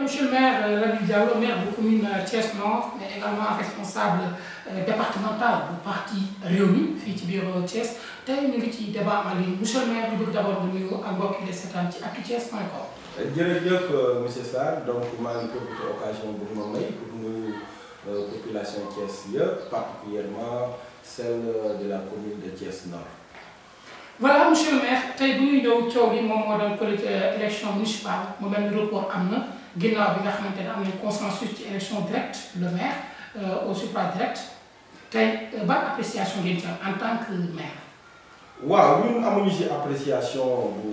Monsieur le maire Lamine Diallo, maire bu commune Thiès Nord mais également responsable euh, départemental bu parti Rewmi fii ci biir euh, Thiès tey ñu ngi ci débat en ligne monsieur le maire ñu bëgg d'abord nga nuyu ak mbokk yi de seetaan ci actuthies.com. Euh, jërëjëf monsieur Sarr donc maa ngi profité occasion bu ma may pour nuyu Euh, population Thiès yëpp particulièrement celle euh, de la commune de Thiès Nord. voilà monsieur maire tey bu ñuy ñëw coow bi moom moo doon politique élection municipale mu mel ni report am na ginnaaw bi nga xamante ne am na consensus ci élection directe le maire euh, au suffrage direct tey ban appréciation ngeen ci en tant que maire. waaw ñun amuñu ci appréciation bu.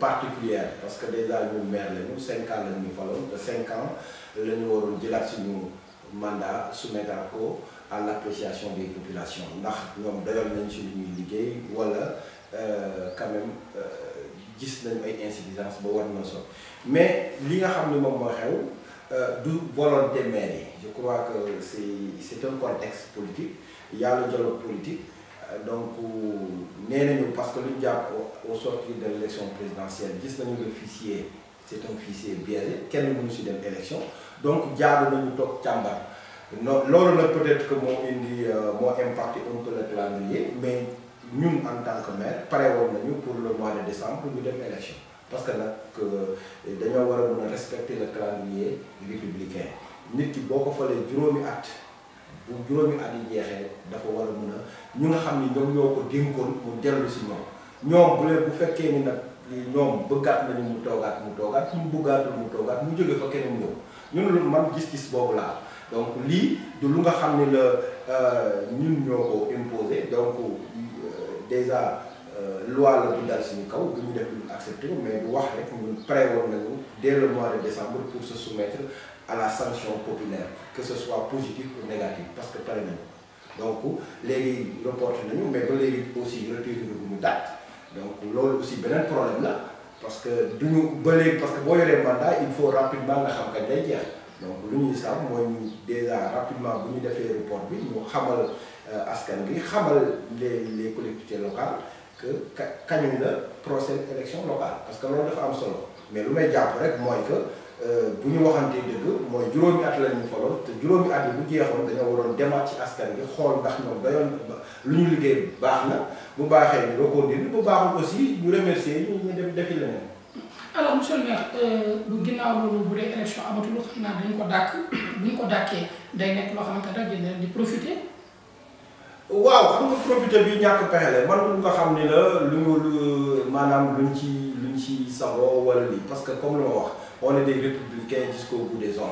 particulière parce que déjà ñu maire lañu cinq ans lañu faloon cinq ans la jëlaat suñu mandat soumettre ko à l'appréciation des populations ndax ñoom doyal nañ si ñuy liggéey wala euh, quand même euh, gis nañ ay insuffisance ba war na so mais li nga xam ne moom moo xew euh, du volonté maire yi je crois que c'est c'est un contexte politique y a dialogue politique donc nee nañu parce que lu ñu jàpp au sortir de l'élection présidentielle gis nañu le fichier c'est un fichier biaisé kenn mënu si dem élection donc jaadu nañu toog càmbar no loolu nag peut-être que moo indi euh, moo impacté un peu le calendrier mais ñun en tant que maire pare woon nañu pour le mois de décembre pour ñu dem élection parce que nag euh, dañoo war a mën a respecter le calendrier républicain nit ki boo ko falee juróomi at bu juróomi at yi jeexee dafa war a mën a ñu nga xam ni ñoom ñoo ko dénkoon mu dellu si ñoom ñoom bu leen bu fekkee ni nag ñoom bëggaat nañu mu toogaat mu toogaat mu bëggaatul mu toogaat mu jóge fa keneen ñun lu man gis-gis boobu laa donc lii du lu nga xam ne la euh, ñun ñoo ko imposé donc euh, déjà euh, loi la bu dal suñu kaw bu ñu def lu accepté mais du wax rek ñun préwoon nañu dès le mois de décembre pour se soumettre à la sanction populaire que ce soit positif ou négatif parce que pare nañu donc léegi reporté nañu mais ba léegi aussi retiré bu mu date donc loolu aussi beneen problème la parce que duñu ba léegi parce que boo yoree mandat il faut rapidement nga xam kañ day jeex donc lu ñuy sàmm mooy ñu déjà rapidement bu ñu defee report bi ñu xamal euh, askan bi xamal les les collectivités locales que kañuñ la prochaine élection locale parce que loolu dafa am solo mais lu may jàpp rek mooy que. Euh, bu ñu waxantee dëgg mooy juróomi at lañu faloon te juróomi at yi bu jeexoon dañoo waroon demaat ci askan bi xool ndax ñoom dayoon lu ñu liggéey baax na bu baaxee ñu reconduire bu baaxul aussi ñu remercier ñu ñu def defi leneen. alors monsieur le maire lu euh, ginnaaw loolu bu dee élection amatul xam naa dañ ko dàkk bu ñu ko dàkkee day nekk loo xamante ne dañ di profiter. waaw xam nga bi ñàkk pexe la man nga xam ni la lu ñu maanaam luñ ci lu ñu ci saxoo wala lii parce que comme lu wax. on est des républicains jusqu'au des ongles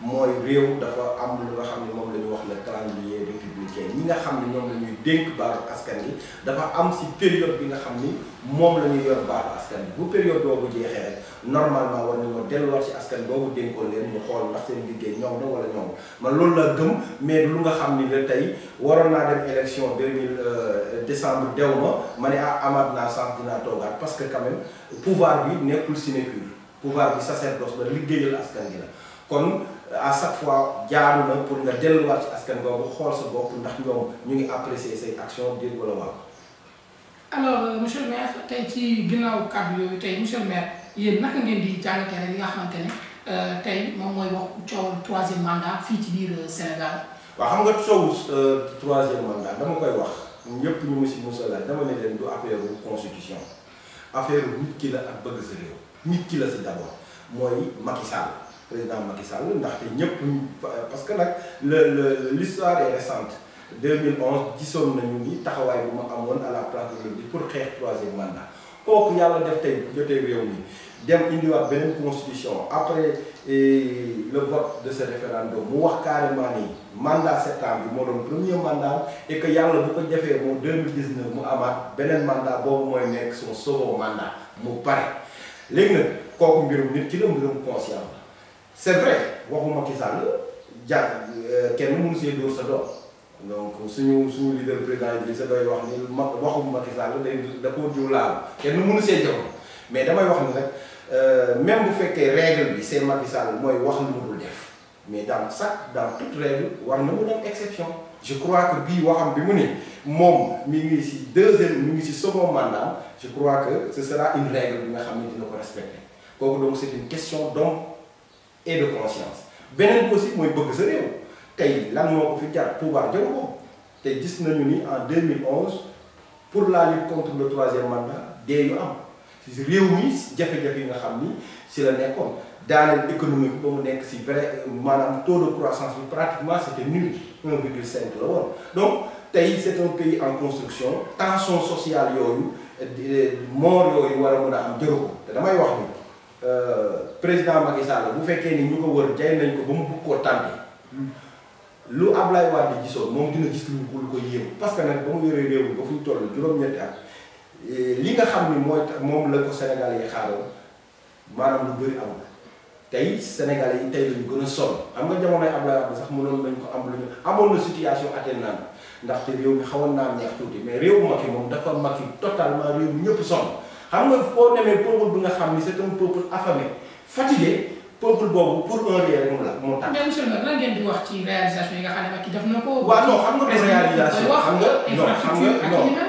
mooy réew dafa am lu nga xam ne moom la ñu wax le calendrier républicain ñi nga xam ne moom la ñuy dénk baaru askan yi dafa am si période bi nga xam ni moom la ñuy yor baaru askan bi bu période boobu jeexee normalement war nañoo delluwaat si askan boobu dénkoon leen ñu xool ndax seen liggéey ñoom na wala ñoom man loolu laa gëm mais lu nga xam ni la tey waroon naa dem élection 2000 euh, décembre dew ma ma ne ah amaat naa sens dinaa parce que quand même pouvoir pouvoir bi sacerdoce ba liggéeyal askan gi la kon à chaque fois jaadu na pour nga delluwaat ci askan boobu xool sa bopp ndax ñoom ñu ngi apprécier say action déet wala waaw. alors euh, monsieur maire tey ci ginnaaw kàddu yooyu tey monsieur le maire yéen naka ngeen di jàngatee rek li nga xamante ne euh, tey moom mooy wax coowul troisième mandat fii ci biir euh, Sénégal. waa xam nga coowul troisième mandat dama koy wax ñëpp ñu ngi si mos dama ne leen du affaire constitution affaire nit ki la ak bëgg nit ki la si d'abord mooy Macky Sall président Macky Sall ndaxte ñëpp parce que nag le l'histoire est récente 2011 gisoon nañu ni taxawaay bu ma amoon à la place de bi pour xeex troisième mandat kooku yàlla def tey jotee réew mi dem indiwaat beneen constitution après le vote de se référendum mu wax carrément ni mandat septembre moo doon premier mandat et que yàlla bu ko jafee moom 2019 mu amaat beneen mandat boobu mooy nekk léegi nag kooku mbirum nit ki la mbirum conscient la c'est vrai waxuma Macky Sall jàpp euh, kenn mënu see dóor sa doom donc suñu suñu leader président Idrissa Seck day wax ni ma waxu Macky Sall day da koo jiw laal kenn mënu see jëm mais damay wax ni rek euh, même bu fekkee règle bi c'est Macky Sall mooy wax lu mu dul def mais dans chaque dans toute règle war na mu dem exception. je crois que bii waxam bi mu ne moom mi ngi ci deuxième mi ngi si second mandat je crois que ce sera une règle bi nga xam ne dina ko respecter kooku donc c'est une question d'homme et de conscience beneen bi aussi mooy bëgg sa réew tey lan moo ko fi jar pouvoir jël ko te gis nañu ni en 2011 pour laa lutte contre le troisième mandat dee yu am réew mi jafe-jafe yi nga xam ni si la nekkoon daaneel économique ba mu nekk si vrai maanaam taux de croissance bi pratiquement c' était nul 1,5 la woon donc tey c' est un pays en construction tension sociale yooyu moor yooyu war a mën a am jëru ko te damay wax ni euh, président Macky Sall bu fekkee ni ñu ko wër jay nañ ko ba mu bëgg koo lu am Wade di gisoon moom dina gis lu ko yéem parce que nag ba mu yoree réew mi ba fu ñu toll juróom-ñetti at eh, li nga xam ni mooy moom la ko Sénégal yi xaaroon maanaam lu bëri tey sénégalais yi tey lañu gën a sonn am nga jamonoy Abdoulaye Wade sax mënoon nañ ko am lu ñu na situation atténuante ndaxte xawoon naa neex mais réewu Macky moom dafa Macky totalement réew mi xam nga boo demee peuple bi nga xam ni c'est un peuple affamé fatigué peuple boobu pour un réel moom wax ci réalisation yi nga xam ne Macky def na ko. xam nga du réalisation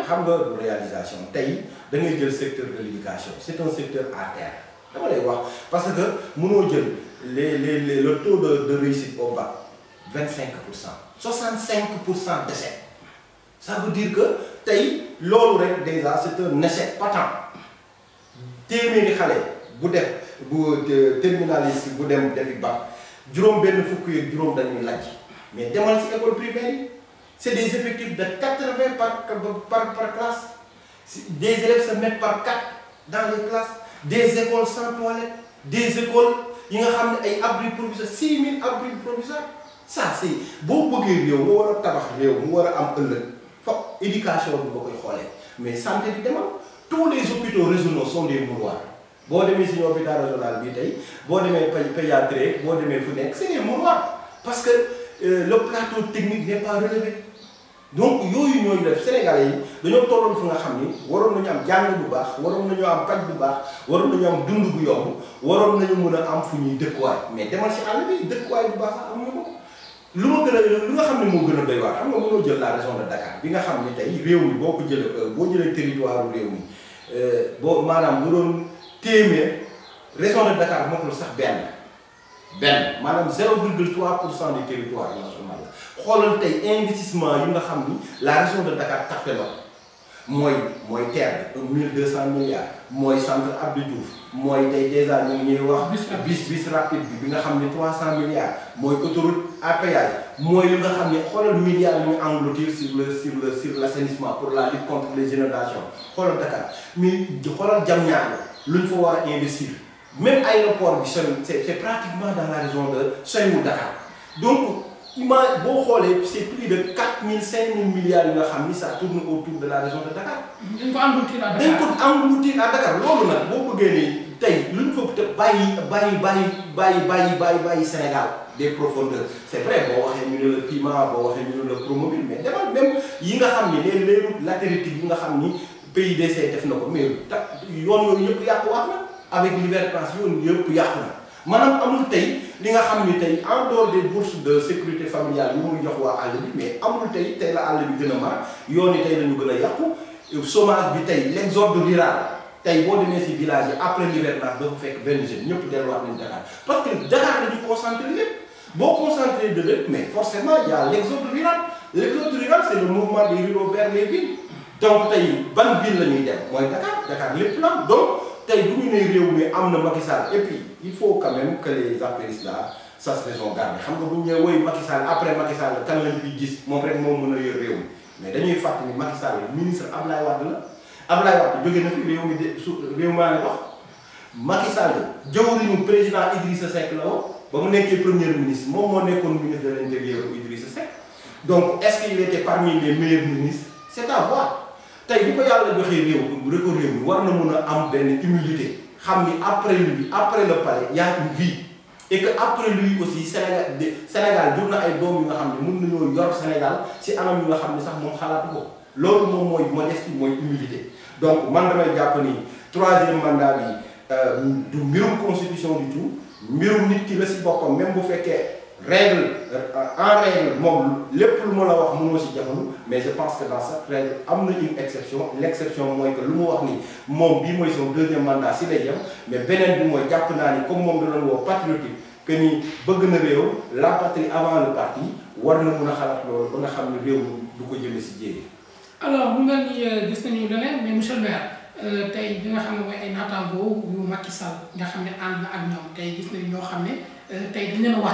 xam nga réalisation tey da ngay jël secteur de l'éducation c'est un secteur à dama lay parce que mënoo jël les les les le taux de de réussite au bac vingt cinq pour cent soixante cinq pour cent d'échec ça veut dire que tey loolu rek déjà c'est ne échec patent téeméeri xale bu def bu terminaliste bu dem defi bac juróom benn fukk yi juróom dañuy laaj mais demal ci école primaire yi c'est des effectifs de quatre-vingts par par par classe des élèves sa mettent par quatre dans les classes. des écoles sans toilette des écoles yi nga xam ne ay abris provisoires 6000 abris provisoires ça si boo bëggee réew mu war a tabax réew mu war a am ëllëg foog éducation bi ba koy xoolee mais santé bi demal tous les hôpitaux régionaux sont des mouroirs boo demee suñu hôpital régional bii tey boo demee pédiatrie boo demee fu nekk c'est des mouroirs parce que euh, le plateau technique n'est pas relevé donc yooyu ñooñu def sénégal yi dañoo tolloon fu nga xam ni waroon nañu am jàng bu baax waroon nañu am paj bu baax waroon nañu am dund bu yomb waroon nañu mën a am fu ñuy dëkkuwaay mais demal si àll bi dëkkuwaay bu baax sax amuñu lu ma gën a lu nga xam ne moo gën a doy am na nga mënoo jël la région de Dakar bi nga xam ne tey réew mi boo ko jëlee euh, boo jëlee territoire réew mi euh, boo maanaam bu doon téeméer région moo Dakar mokkul sax benn benn maanaam 0,3 pour cent du territoire national xoolal tey investissement yu nga xam ni la région de Dakar taxte na mooy mooy terre bi 1200 milliards mooy centre Abdou Diouf mooy tey dèjà ñu ngi ñuy wax. bis bis rapide bi bi nga xam ni cent milliards mooy autoroute à péage mooy li nga xam ni xoolal milliards yu ñu engloutir sur le sur le sur l' assainissement pour la lutte contre les génération xoolal Dakar mais xoolal Diamniadio luñ fa war a investir. même aéroport bi sori c' est pratiquement dans la région de soriwul Dakar donc ima boo xoolee c' est plus de quatre mille cinq mille milliards yu nga xam ni ça tourne autour de la région de Dakar. dañ ko engloutir à Dakar dañ ko engloutir à Dakar loolu nag boo bëggee nii tey luñ fa te bàyyi bàyyi bàyyi bàyyi bàyyi bàyyi bàyyi Sénégal. des profondeurs c' est vrai boo waxee ñu ne la piment boo waxee ñu ne la promobile mais demal même yi nga xam ni les les routes latéritiques nga xam ni PIDC def na ko mais yoon yooyu avec l'hivernage yooyu yëpp yàqu na maanaam amul tey li nga xam ni tey en dehors des bourses de sécurité familiale yi muy jox waa àll bi mais amul tey tey la àll bi gën a mar yoon yi tey lañu gën a yàqu chômage bi tey l'exode rural tey boo demee si village yi après l'hivernage dafa fekk benn jeune ñëpp delluwaat nañu Dakar parce que Dakar dañu concentré lépp boo concentré de lépp mais forcément il y a l'exode rural l'exode rural c'est le mouvement des ruraux ban ville la ñuy dem mooy Dakar lépp la donc tey du ñu nee réew mi am na Macky Sall et puis il faut quand même que les apéristes là ça se xam nga bu ñu nee woy Macky après Macky Sall kan lañ gis moom rek moo mën a yor réew mi mais dañuy fàttali ni Macky Sall ministre Ablaye Wade la Ablaye Wade jóge na fi réew mi de su réew maa ne dox Macky Sall jawriñu président Idrissa Seck la woon ba mu nekkee premier ministre moom moo nekkoon ministre de l'intérieur Idrissa Seck donc est à tey bu ko yàlla joxee réew rek réew war na mun a am benn humilité xam ni après lui après le palais y a une vie et que après lui aussi Sénégal Sénégal jur na ay doom yu nga xam ne mun nañoo yor Sénégal si anam yu nga xam ne sax moom xalaatu ko loolu moom mooy modestie mooy humilité donc man damay jàpp ni troisième mandat bi euh, du mbirum constitution du tout mbirum nit ki la si boppam même bu fekkee. règle euh, en règle moom lépp lu ma la wax mënoo si jafandu mais je pense que dans cette règle am na une exception l' mooy que lu mu wax ni moom bii mooy son deuxième mandat si lay yem mais beneen bi mooy jàpp naa ni comme moom da doon woo patriotique bëgg na réew la patrie avant le parti war na mun a xalaat loolu ba nga xam ne réew du ko jëme si jéeg. alors mu mel ni euh, gis nañu leneen mais monsieur le maire euh, tey bi nga xam ne mooy ay naataangoo yu Macky Sall nga xam ne gis nañu ñoo xam ne tey dañu leen a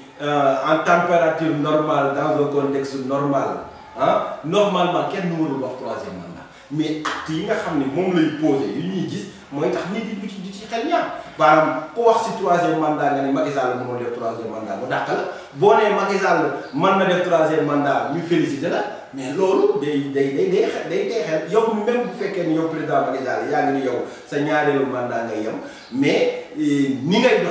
Euh, en température normale dans un contexte normal normalement kenn nu warul wax mandat mais actes yi nga xam ne moom lay posé yu ñuy gis mooy tax nit yi ci du ci xel ñaar maanaam ku wax si troisième mandat nga ne Macky Sall mënul def troisième mandat mu dàq la boo nee Macky Sall mën na def troisième mandat ñu félicité la mais loolu day day day day day day xel yow même bu fekkee ni yow président Macky Sall yaa ngi ni yow sa ñaareelu mandat ngay yem mais eh, ni ngay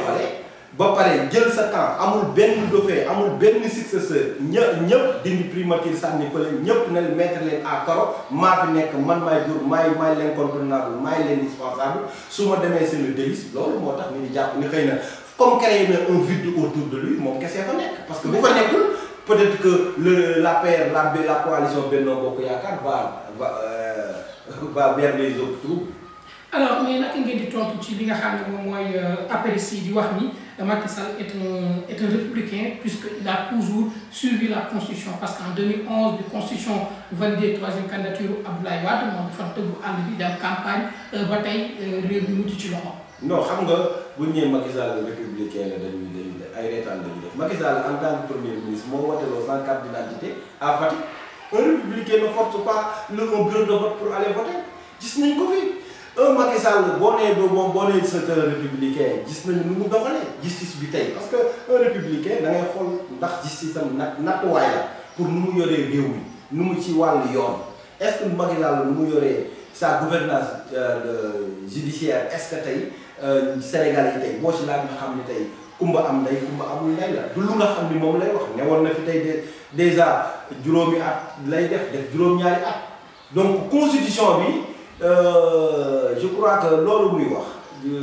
ba pare jël sa temps amul benn dauphin amul benn successeur ñë ñëpp dindi primature sànni fële ñëpp na mettre leen à carreau maa fi nekk man maay jur maay maay leen l'incontournable maay leen indispensable su ma demee seen le délice loolu moo tax ñu ngi jàpp ni xëy na comme créé na un vide autour de lui moom kese fa nekk parce que bu fa nekkul peut-être que le la paire la la coalition Benno Bokk Yaakaar va va euh, va vers alors mais naka ngeen di tontu ci li nga xam ne moom mooy euh, APRECI di wax ni euh, Macky Sall est un est un républicain puisque il a toujours suivi la constitution parce qu'en 2011 bi constitution validé troisième candidature Abdoulaye Wade moom dafa tëggu ànd bi dem campagne euh, ba réew mi mujj ci loxo. non xam nga bu ñu nee Macky Sall républicain la dañuy dañuy def ay reetaan dañuy def Macky Sall en tant que premier ministre moo woteloo un euh, Macky Sall boo nee ba moom boo nee c'est un républicain gis nañu nu mu doxalee justice bi tey parce que un républicain da ngay xool ndax justice am nat nattuwaay la pour nu mu yoree réew mi nu mu ci wàll yoon est-ce que Macky Sall nu mu yoree sa gouvernance euh, judiciaire est que tey euh, Sénégal yi tey boo ci laaj nga xam ne tey kumba am ndey kumba amul ndey la du lu nga xam ni moom lay wax ne woon na fi tey déjà juróomi at lay def def juróom-ñaari at donc bi. Euh, je crois que loolu muy wax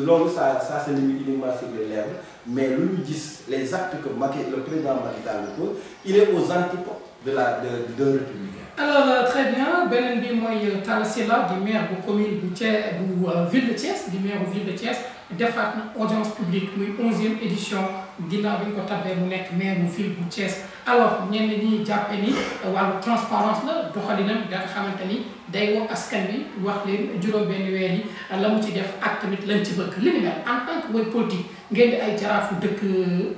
loolu ça ça se limite uniquement sur mais lu ñu gis les actes que Macky le président Macky Sall pose il est aux antipodes de la de de républicain. alors euh, très bien beneen bi mooy euh, Talla Sylla di maire bu commune bu Thiès bu ville de Thiès di maire bu ville de Thiès defaat na audience publique muy onzième édition ginnaaw bi ñu ko tabbee mu nekk maire bu ville bu Thiès. alors ñenn ñi jàppe ni wàllu transparence la doxalinam da nga xamante ni day woo askan bi wax leen juróom-benn weer yi la mu ci def ak tamit lañ ci bëgg li en tant que way politique ngeen di ay jaraafu dëkk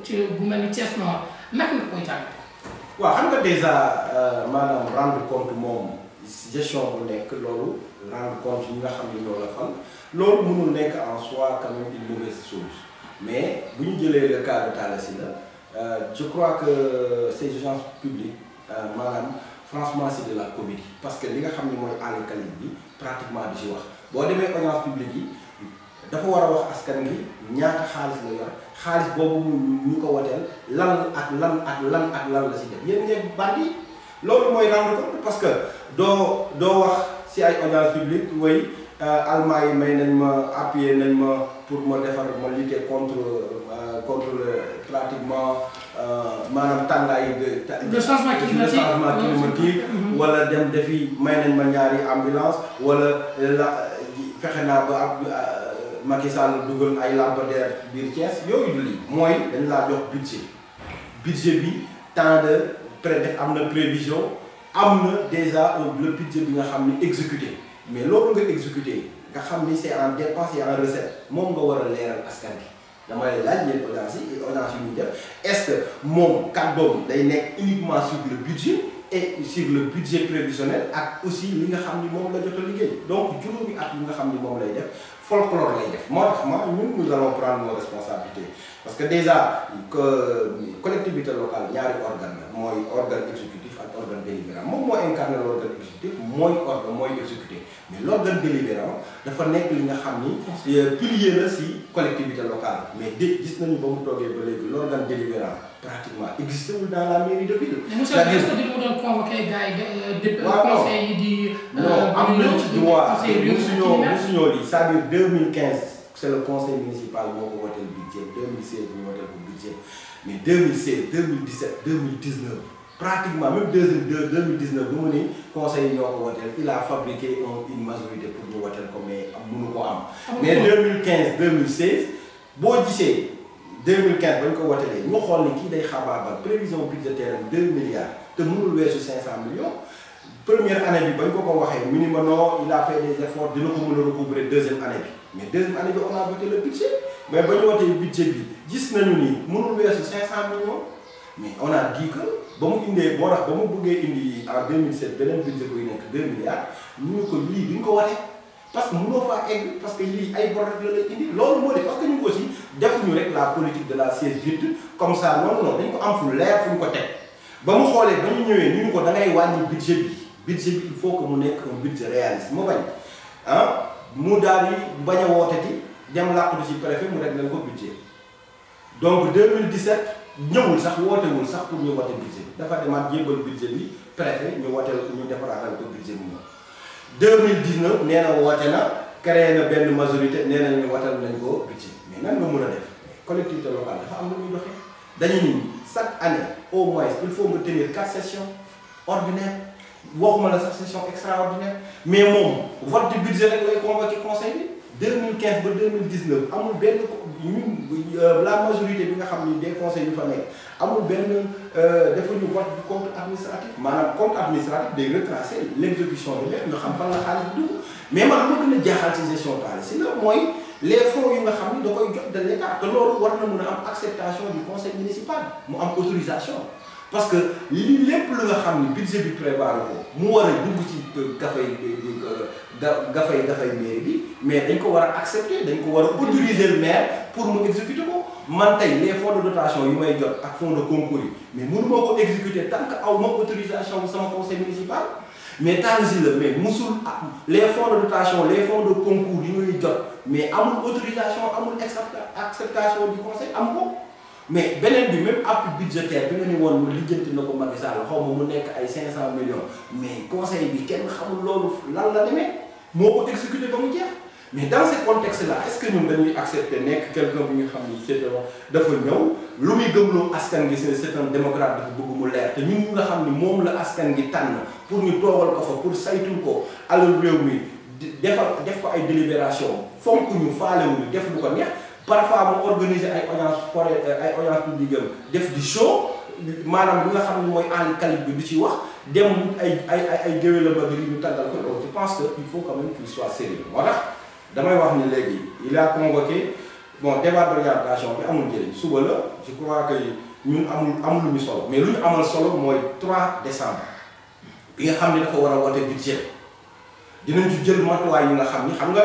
ci bu mel ni Thiès Nord naka nga koy jàngate. waaw xam nga déjà euh, maanaam rendre compte moom gestion bu nekk loolu rendre compte ñi nga xam ne loolu la fan loolu mënul nekk en soi quand même une mauvaise mais bu ñu jëlee le cas de Talla Euh, je crois que ces urgences publiques euh, maanaam franchement c'est de la comédie parce que li nga xam ne mooy àll kalim bi pratiquement di si wax boo demee audience publique yi dafa war a wax askan gi ñaata xaalis la yor xaalis boobu ñu ko woteel lan ak lan ak lan ak lan la si def yéen ñëpp bandi loolu mooy rendre compte parce que doo doo wax si ay audience publique way almaa yi may nañ ma appuyé nañ ma pour ma defar ma lutter contre euh, contre pratiquement euh, ma tàngaay de. de changement climatique changement ah, climatique. Mhm. wala dem defi may nañ ma ñaari ambulance wala la fexe naa ba ab euh, Macky Sall dugal ay lampadaire biir Thiès yooyu du lii mooy dañ laa jox budget budget bi tant de pré am na prévision am na déjà le budget bi nga xam ni exécuté mais loolu nga exécuté. nga xam ni c'est en dépense en recette moom nga war a leeral askan bi dama lay laaj ñeen audience yi audience yu ñu def est-ce que moom kàddoom day nekk uniquement sur le budget et sur le budget prévisionnel ak aussi li nga xam ni moom la jot a liggéey donc juróomi at yi nga xam ni moom lay def folklore lay def moo ma ñun nous allons prendre nos parce que déjà que collectivité locale ñaari organe la mooy organe exécutif ak organe délibérant moom moo l' organe exécutif mooy organe mooy exécuté dafa nekk li nga xam ni euh, pilier la si collectivité locale mais dé gis nañu ba mu toogee ba léegi l' organe délibérant pratiquement existé wul dans la mairie de ville. monsieur est-ce que mu doon convoqué gars yi euh, conseil yi di. Euh, non am nañ ci droit musuñoo musuñoo lii c'est-à-dire conseil municipal moo ko woteel budget 2016 ñu woteel ko budget mais 2016 2017 2019 pratiquement même deuxième deux deux mille dix neuf bu mu ni conseil ñoo ko woteel il a fabriqué une majorité pour ñu woteel ko mais mënu ko am. mais deux mille quinze deux mille seize boo gisee deux mille quinze ba ñu ko woteelee ñu xool ni kii day xabaabal prévision budgétaire am deux milliards te mënul weesu cinq cent millions. première année bi bañ ko ko waxee mu ni ma non a fait des efforts dina ko mën a recouvrer deuxième année bi mais deuxième année ba ñu bi gis nañu ni mënul weesu cinq cent millions. mais on a dit que ba mu indee boo tax ba mu bëggee indi en 2007 beneen budget buy nekk 2 milliards ñu ko lii duñ ko wate parce que mënoo faa egg parce que lii ay bor rek la lay loolu moo de parce que ñun aussi defuñu rek la politique de la siège vide comme ça noonu noonu dañ ko am fu leer fu ñu ko teg ba mu xoolee ba ñu ñëwee ñu ni ko da ngay wàññi budget bi budget bi il faut que mu nekk un budget réaliste mu bañ ah mu daal di bañ a wootati dem làqu ci préfet mu rek leen ko budget ñëwul sax wootewul sax pour ñu wote budget bi dafa demaat jébbal budget bi préfet ñu wote ñu defaraatal ko budget bi moom 2019 nee na woote na créé na benn majorité nee nañu watal nañ ko budget mais nan nga mën a def collectivité locale dafa am lu ñu doxee dañu ni chaque année au moins il faut nga tenir quatre sessions ordinaires waxuma la sax session extraordinaire mais moom vote du budget rek lay convoqué conseil bi 2015 ba 2019 amul benn ñun euh, la majorité bi nga xam ni des conseils yu fa nekk amul benn euh, dafa ñu vote du compte administratif maanaam compte administratif day retracer l' exécution de lépp nga xam fan la xaalis dugg mais man ma gën a jaaxal ci gestion xaalis si les fonds yu nga xam ni da koy jot de l' état te loolu war na mun a am acceptation du conseil municipal mu am autorisation parce que lii lépp lu nga xam ni budget bi prévoir mu war a dugg ci dafay. Euh, ga gafay gafay mairie bi mais dañ ko war a accepter dañ ko war a autoriser le pour mu exécuter ko man les fonds de dotation yu may jot ak fonds de concours yi mais mënu moo ko exécuter tant que aw ma autorisation sama conseil municipal mais Talla la mais musul les fonds de dotation les fonds de concours yu may jot mais amul autorisation amul acceptation du conseil am ko mais beneen bi même appui budgétaire bi nga ni woon mu lijjanti na ko Macky Sall xaw ma mu nekk ay cent millions mais conseil bi kenn loolu lan la demee. moo ko exécuté ba mu jeex mais dans ce contexte là est ce que ñun dañuy accepter nekk quelqu'un bi nga xam ni c'est dafa ñëw lu muy gëmloo askan gi c'est c'est un démocrate dafa bëgg mu leer te ñun ñu nga xam ni moom la askan gi tànn pour ñu toogal ko fa pour saytul ko alal réew mi defal def ko ay délibération fonk ñu faalewuñu def lu ko neex parfois mu organiser ay audience forêt euh, ay audience publique def di show maanaam li nga xam ne mooy en calibre bi du ci wax dem ay ay ay ay géwél ba di ñu tàggal ko loolu je pense que il faut quand même qu'il soit sérieux moo tax damay wax ni léegi il laa convoqué bon débat d'orientation bi amul njëriñ suba la je crois que ñun amul amul lu ñu solo mais lu ñu amal solo mooy 3 décembre bi nga xam ne dafa war a bi budget dinañ ci jël matuwaay yi nga xam ni xam nga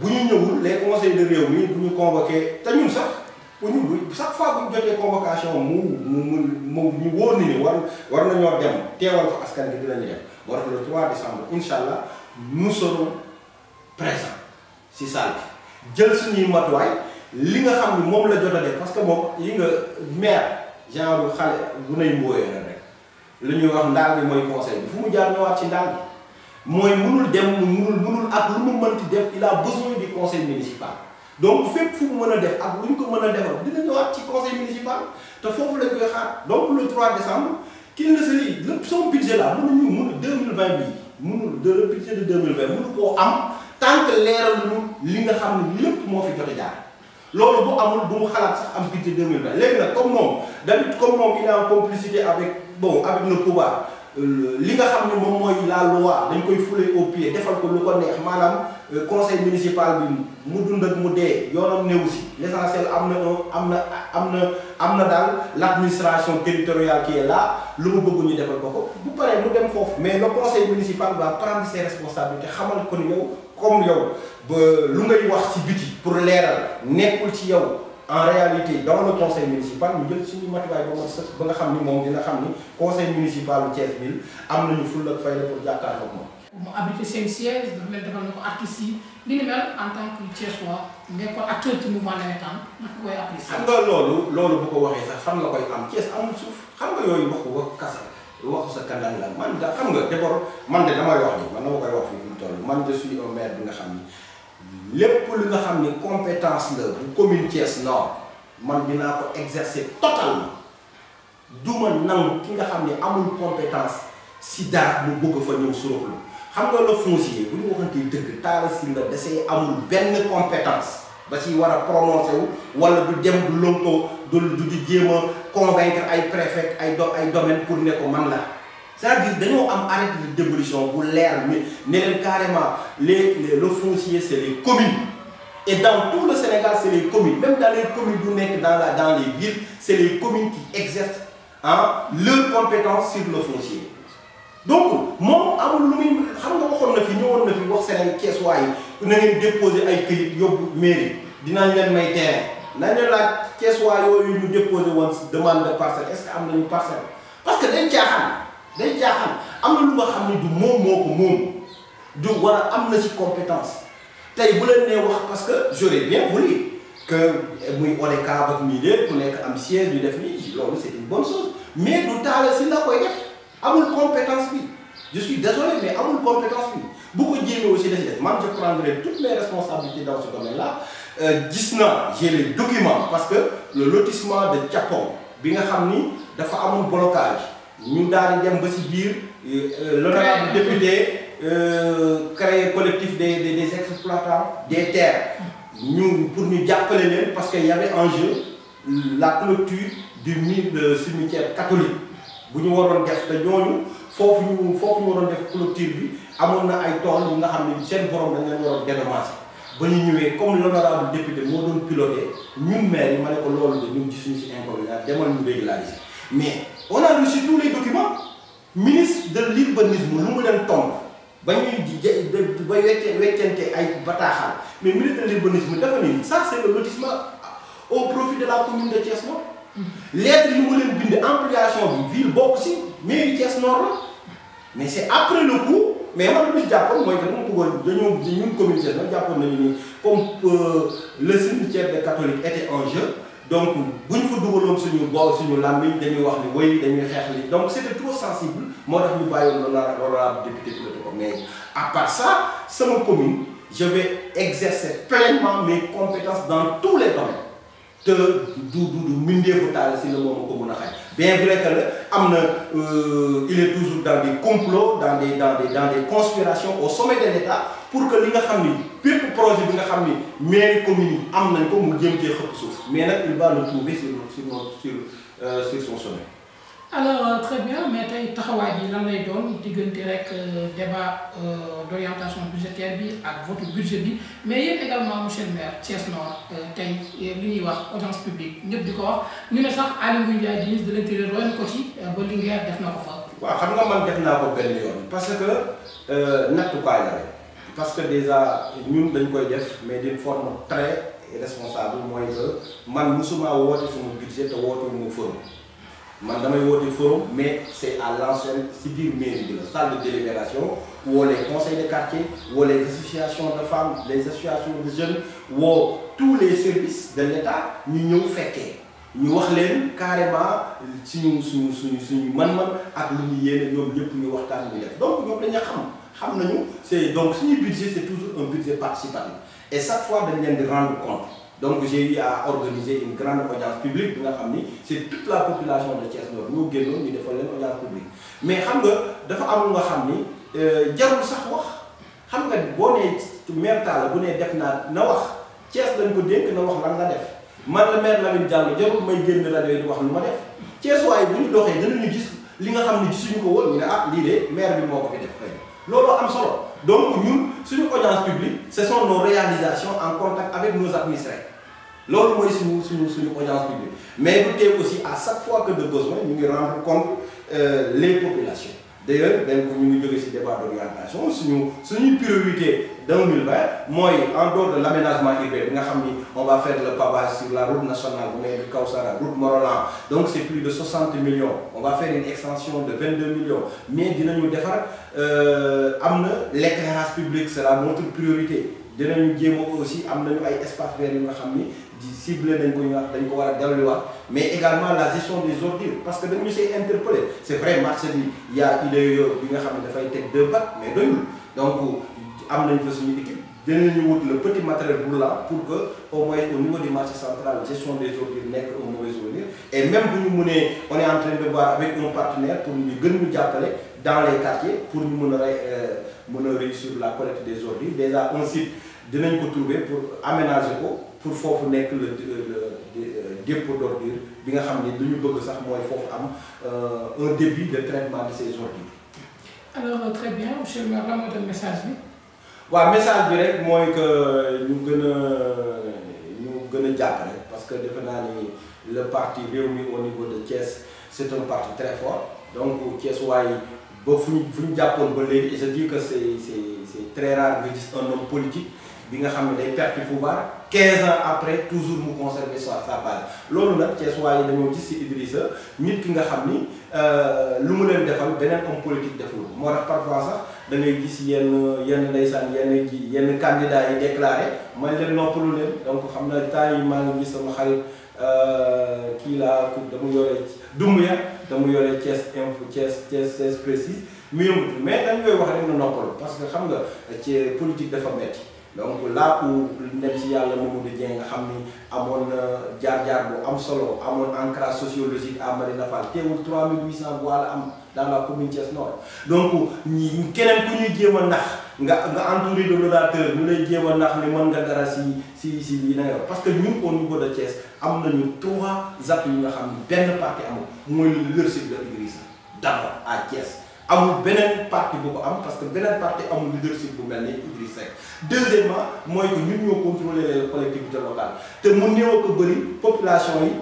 bu ñu ñëwul les conseils de réew mi bu ñu convoqué te ñun sax. bu ñu chaque fois bu ñu jotee convocation mu mu mu ñu wóor ni ne war war nañoo dem teewal fa askan bi dinañu dem boo tax le incha allah nous serons présents si salle jël suñuy matuwaay li nga xam moom la jot def parce que moom yi nga maire genre xale bu nay mbooyee la rek li ñuy wax ndaal bi conseil bi ci ndaal mooy munul dem munul munul lu mu mënti def il a besoin du conseil municipal. donc fekk fu mu mën a def ak lu ñu ko mën a defal dina ñëwaat ci conseil municipal te foofu lañ koy xaar donc le 3 décembre qu'il ne se lie lépp son budget là mënuñu mënu 2020 bi mënul de le budget de 2020 koo am tant que leeral lu li nga xam ne lépp moo fi jot a loolu bu amul du xalaat sax am budget 2020 léegi nag comme moom damit comme moom il a en complicité avec bon avec le pouvoir Euh, li nga xam ne moom mooy la loi dañ koy fule au pied defal ko lu ko neex maanaam euh, conseil municipal bi mu dund ak mu dee yoonam néew si l'essentiel am na am na am na am na daal l'administration territoriale qui est là lu mu bëgg ñu defal ko ko bu paree mu dem foofu mais le conseil municipal va prendre ses responsabilités xamal ko ni yow comme yow ba lu ngay wax ci biti pour leeral nekkul ci yow en réalité dans le conseil municipal ñu jël suñu matuwaay ba ma sëkk ba nga xam ni moom dina xam ni conseil municipal bu Thiès ville am nañu ful ak fayda pour jàkkaarloog moom. mu abrité seen siège dafa leen ko artistes yi li ni mel en tant que Thiessois mais kon ci mouvement navétane dafa koy apprécier. xam nga loolu loolu bu ko waxee sax fan la koy am Thiès amul suuf xam nga yooyu waxu wax kasa waxu sa kandang la man da xam nga d'abord man de damay wax ni man dama koy wax fii lépp lu nga xam ni compétence la bu commune Thiès man dinaa ko exercer totalement du ma nangu ki nga xam ni amul compétence si dara mu bëgg fa ñëw suruxlu xam nga le foncier bu ñu waxantee dëgg Talla Sylla dasee amul benn compétence ba si war a prononcé wu wala du dem du lënkoo du du jéem a convaincre ay préfet ay do ay domaine pour ne man la c'est-à-dire dañoo am arrêté de dévolution bu leer mi ne leen carrément les le foncier c'est les communes et dans tout le même dans les communes bu la dans les villes les communes qui exercent ah le foncier donc moom amul lu muy xam nga ko na fi ñëwoon na fi wax seen keesuwaay yi na ngeen déposer ay këyit yóbbu mairie dinañ leen may terrain nañ leen laaj keesuwaay yooyu ñu déposer woon demande de parcelle est que am nañu parcelle parce que dañ caaxaan. day jaaxal am na lu nga xam ne du moom moo ko moom du war am na ci compétence tey bu leen nee wax parce que j'aurais bien voulu que muy ODCAV ak muy lépp ku nekk am siège yu def nii loolu c'est une bonne chose mais du taala si la koy def amul compétence bi je suis désolé mais amul compétence bi bu ko jéemee aussi dafa def man je prendrai toutes mes responsabilités dans ce domaine là euh, gis naa j'ai les documents parce que le lotissement de Thiapong bi nga xam ni dafa amul blocage. ñu daal di dem ba si biir. Euh, l'honorable député euh, créer collectif des des des exploitants des terres. ñu pour ñu jàppale leen parce que y avait la clôture du mille euh, cimetière catholique bu ñu waroon def te ñooñu foofu ñu foofu ñu waroon def clôture bi amoon na ay tool yu nga xam ne seen borom dañ leen waroon dédommagé ba ñu ñëwee comme l'honorable député moo doon piloté ñun maire yi ma ne ko loolu de ñun ci suñu si inconvénient demal ñu régulariser mais. on a reçu tous les documents ministre de l'urbanisme lu mu leen tontu ba ñuy di ba weccee weccante ay bataaxal mais ministre de l'urbanisme dafa ni ça c'est le lotissement au profit de la commune de Thiès Nord lettre yi mu leen bind ampliation bi ville bokk si mairie Thiès Nord la mais c'est après le coup mais man lu si jàppoon mooy dañoo ñun commune Thiès jàppoon na ni comme euh, le cimetière des catholiques était en donc bu ñu fa dugaloon suñu bool suñu làmmiñ dañuy wax ni wéy dañuy xeex li donc c'était trop sensible moo tax ñu bàyyi l'honorable député pilote ko mais à part ça sama commune je vais exercer pleinement mes compétences dans tous les domaines te du du mbindeefu taal si la moom ko mën a xay bien vrai que la am na euh, il est toujours dans des complots dans des dans des dans au sommet de l'État pour que li nga xam ni bépp projet bi nga xam ni mairie commune yi am nañ ko mu jëm cee xëpp suuf mais nag il va le trouver sur sur sur euh, sur son chemin. alors euh, très bien mais tey taxawaay bi lan lay doon diggante rek euh, débat d'orientation budgétaire bi ak vote budget bi mais yéen également monsieur le maire Thiès Nord tey li ñuy wax audience publique ñëpp di ko wax ñu ne sax Aly Ngouille Ndiaye ministre de l'intérieur royoon ko ci ba Linguère def na ko fa. waaw xam nga man def naa ko benn yoon parce que nattukaay la rek. parce que déjà ñun dañ koy def mais d'une forme très responsable mooy man musuma woote sama budget te woote mu forum man damay woote forum mais c'est à l'ancienne si biir mairie bi la salle de délibération woo les conseils de quartier woo les associations de femmes les associations de jeunes woo tous les services de l'État ñu ñëw fekkee ñu wax leen carrément suñu suñu suñu suñu man-man ak lu ñu yéene ñoom ñëpp ñu waxtaan ñu def donc ñoom dañu xam xam nañu c'est donc suñu budget c'est toujours un budget participatif et chaque fois dañ leen di rendre compte donc j'ai eu à organiser une grande audience publique bi nga xam ni c'est toute la population de Thiès Nord ñoo génnoon ñu defal leen audience publique mais xam nga dafa amul nga xam ni euh, jarul sax wax xam nga boo nee maire Talla bu nee def naa na wax Thiès lañ ko dénk na wax lan nga def man la maire Lamine Diallo jarul may génn la yi di wax lu ma def Thiès waaye bu ñu doxee danañu gis li nga xam ne gisuñu ko woon ñu ne ah lii bi moo ko fi def kay loolu am solo donc ñun suñu audience publique ce sont nos réalisations en contact avec nos administrés loolu mooy suñu suñu suñu audience publique mais bu tee aussi à chaque fois que de besoin ñu ngi rendre compte euh, les populations d'ailleurs dañ ko ñu ngi jóge ci débat d'orientation suñu suñuy priorité 2020 mooy en dehors de l' aménagement bi nga xam ni on va le pavage la route nationale bu nekk donc c' est de 60 millions on va faire une extension de 22 millions dinañu defar euh, am na l' éclairage public c' est priorité dinañu jéem aussi am nañu ay espaces verts yu nga xam ni di cible nañ ko ñu dañ ko war a delluwaat mais également la gestion des ordures parce que dañu see interpellé c' est vrai marché bi y' a yooyu bi nga xam ne dafay teg deux pattes mais doyul donc. am nañ fa suñu équipe dinañu wut le petit matériel brûlant pour que au moins au niveau du marché central gestion des ordures nekk au mauvais souvenir et même bu ñu mënee on de voir avec un partenaire pour ñu gën ñu jàppale dans les quartiers pour ñu mun a rey euh, mën a réussir la collecte des ordures à un site dinañ ko trouver pour aménager ko pour foofu nekk le dépôt d'ordures bi nga xam ni lu ñu bëgg sax mooy foofu am euh, un début de traitement de ces ordures. alors euh, très waa message bi rek mooy que ñu gën a ñu gën a jàpp parce que defe naa ni le parti Rewmi au niveau de Thiès c'est un parti très fort donc Thiès waaye ba fu ñu fu ñu jàppoon ba léegi je dis que c'est c'est c'est très rare nga gis un homme politique bi nga xam ne day perte pouvoir 15 ans après toujours mu conserver sa sa base loolu nag Thiès waaye dañoo gis si Idrissa nit ki nga xam ni euh, lu mu leen defal beneen homme politique deful moo tax parfois sax. da ngay gis yenn yenn ndeysaan yenn ji yenn candidat yi déclaré man leen noppalu leen donc xam na temps yi maa ngi gis sama xarit euh, kii laa ku dama yore Doumbouya dama yore Thiès info Thiès Thiès Thiès précise mu yëngatu mais dañ koy wax rek na noppalu parce que xam nga ci politique dafa metti donc laa ku dem si yàlla Mamadou Dieng nga xam ni amoon jaar-jaar bu am solo amoon ancrage sociologique à Médina Fall teewul 3800 voix la am dans la commune Thiès Nord donc ñi keneen ku ñuy jéem a nax nga nga entouré de l'orateur ñu lay jéem a nax ne mën nga dara si si si lii parce que ñun au niveau de Thiès am na nañu trois ZAP yu nga xam ne benn parti amul mooy le leadership de Idrissa d'abord à Thiès amul beneen parti bu ko am parce que beneen parti amul leadership bu mel ni Idrissa Seck deuxièmement mooy ñu ñun ñoo contrôler les collectivités locales te mu néew ko bëri population yi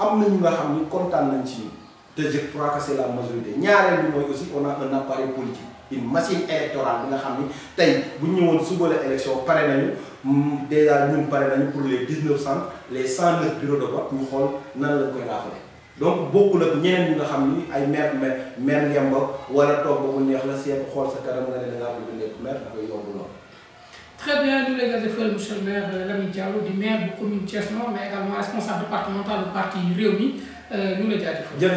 am nañu nga xam ni kontaan nañ ci te je crois que c'est la majorité ñaareel bi mooy aussi on a un appareil politique une machine électorale bi nga xam ni tey bu ñu ñëwoon suba la élection pare nañu mm, déjà ñun pare nañu pour les dix neuf centres cent neuf bureaux de vote ñu xool nan lañ koy raafale donc bokkul ak ñeneen ñi nga xam ni ay maire maire maire ngemba wala toog ba mu neex la seet xool sa kanam nga ne da ngaa bëgg nekk maire dafay yomb lool. très bien ñu lay jaajëfal monsieur le maire euh, Lamine Diallo di maire